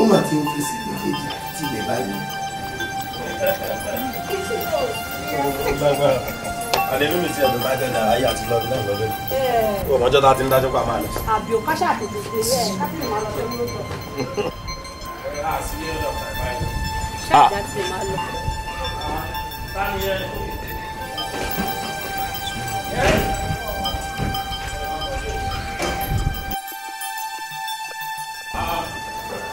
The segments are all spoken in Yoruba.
ó mà ti ń fẹsẹ̀ méjèèjì àti ilẹ̀ báyìí. àlejò mi ti ọ̀dọ̀ bá jẹ́ náà ayé àti lọ́dún náà lọ́dún. ó mọ̀jọ́ ta ti ń dájọ́ pa máa lọ. àbí ò káṣá àtètè ṣe ẹ̀ káfíń máa lọ sẹ́yìn ah, lọ́tọ̀. ṣáà ìjà ti lè máa lọ. Ah,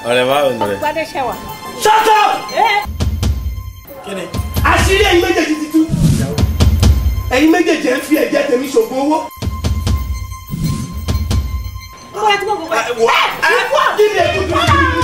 ọ̀rẹ́ báwo ni rẹ. ọgbàdé ṣẹwà. sọ́tọ̀. kíni. àṣírí ẹ̀yin méjèèjì ti tú. méjèèjì ń fi ẹ̀jẹ̀ tèmi ṣògùn owó. wọ́n ti mọ̀ gbogbo ẹ̀. wọ́n kí ni ètò ìdúró.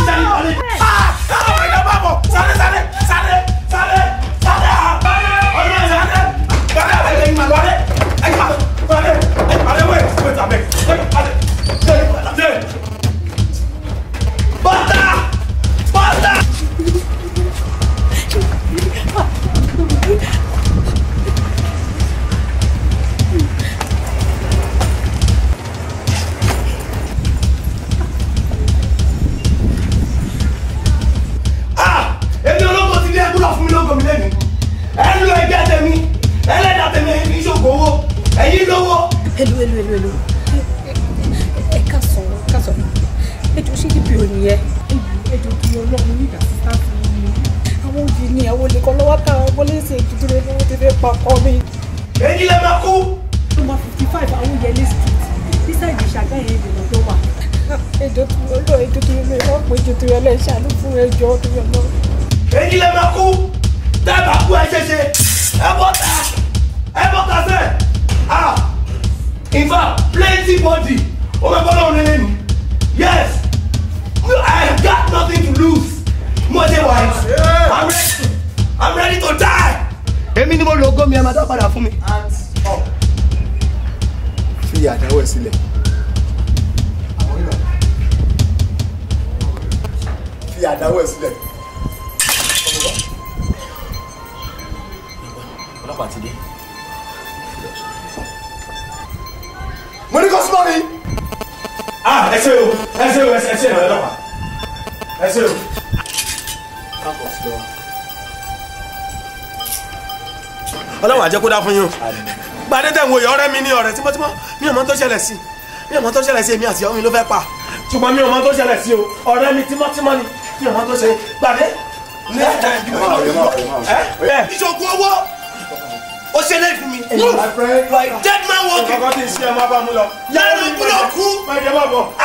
hello hello hello hello ẹ ká sọ ẹ ká sọ ẹjọ ṣé níbi òní yẹ ẹjọ kí ọlọ́run nígbà tí ká fi mú àwọn òbí ni àwọn olè kan lọ́wọ́ táwọn wọlé ṣe ìdúró ní wọ́n ti fẹ́ pa ọkọ mi. èyí lè máa kú. nọ́mbà fifty five àwọn yẹlé street bísà ìjìṣàgá yẹn ìdènà tó wà. ẹjọ ti ọlọ́run ẹjọ tí ọlọ́run pé ẹjọ tí ọlọ́run ṣàánú fún ẹjọ tó yẹ lọ. èyí lè máa kú dábàá kú ẹ ṣẹṣẹ ẹ bọ́ta ẹ bọ́ta sẹ́ẹ̀ ah in fact plenty body ó máa bọ́ lọ́run lẹ́nu yes i got nothing to lose mo ṣe i'm ready i'm ready to die. èmi ni mo lo gómìnà máa dá padà fún mi. fi àdáwọ̀ ẹ̀ sílẹ̀. fi àdáwọ̀ ẹ̀ sílẹ̀. ọlọ́pàá ti dé. mo ní kó súnmọ́ mi. a ẹ ṣe o ẹ ṣe o ẹ ṣe ìrànlẹ́ lọ́pàá ẹ ṣe o. campus lọ. ọlọ́wọ́n àjẹkó dá fún yín o gbadé tẹ̀ ń wo ọ̀rẹ́ mi ní ọ̀rẹ́ tímọ́tímọ́ mi ò mọ tó ṣẹlẹ̀ sí mi ò mọ tó ṣẹlẹ̀ sí èmi àti ọ̀hún ló fẹ́ pa ṣùgbọ́n mi ò mọ tó ṣẹlẹ̀ sí o ọ̀rẹ́ mi tímọ́tímọ́ ni mi ò mọ tó ṣẹlẹ̀ gbadé. ìṣòkun owó o ṣe lẹ́yìn fún mi. move like dead man walking. ọkọ tí ń ṣe ẹ máa bá mú lọ. yàrá ìbúlọ̀ kú. máa jẹ máa bọ̀.